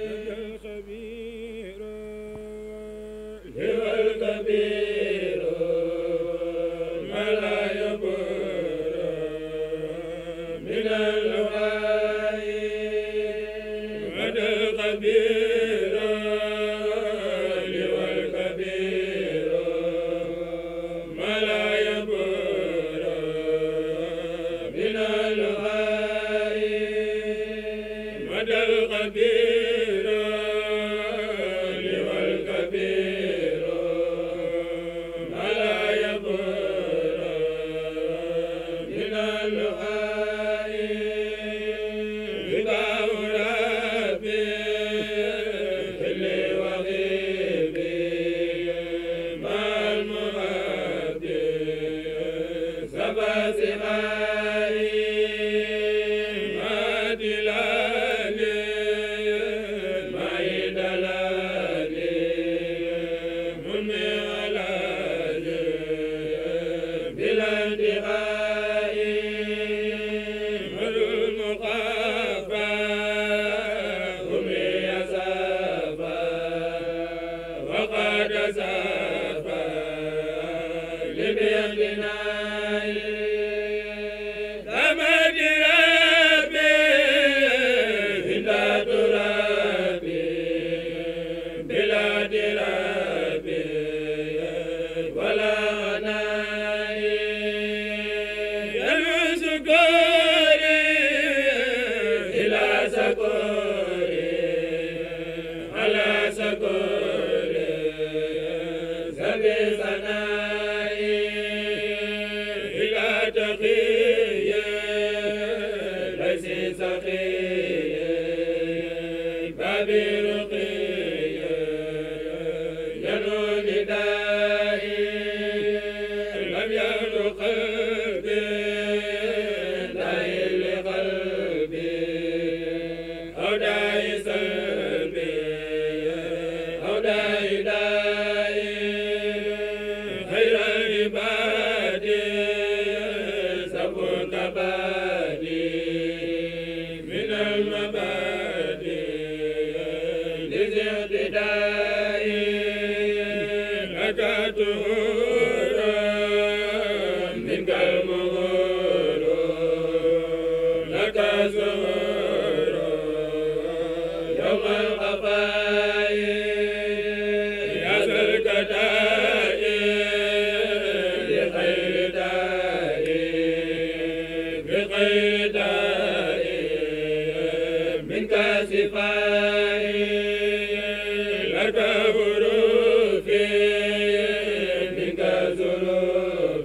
الخبير be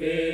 sauver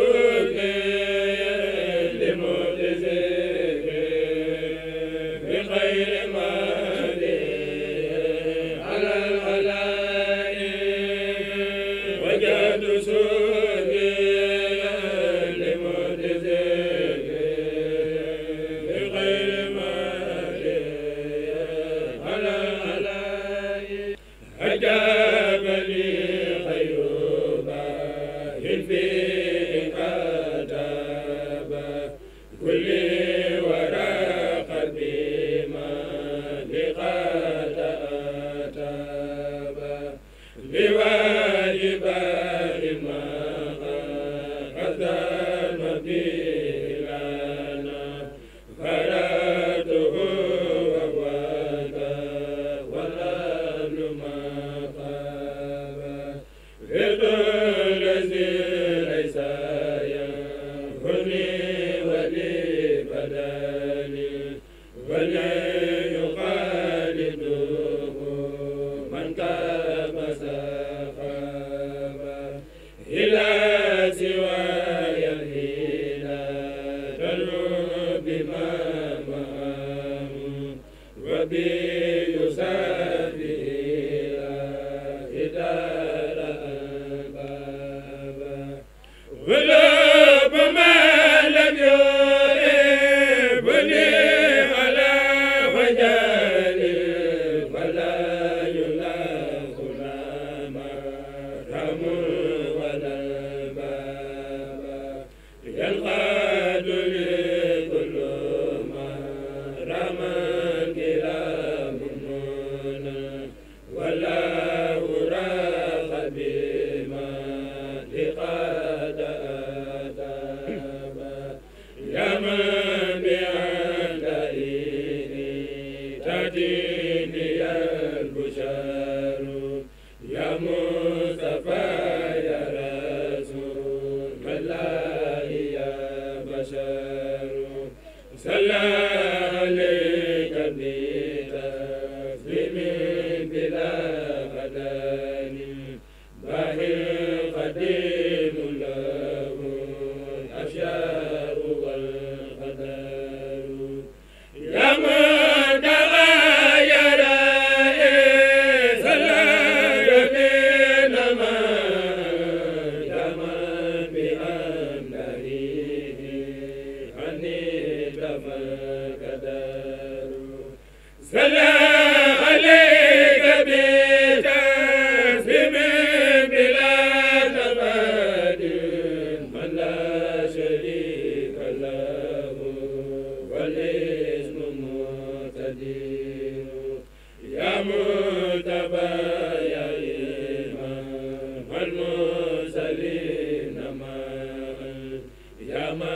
élevé wala Amen yaa ma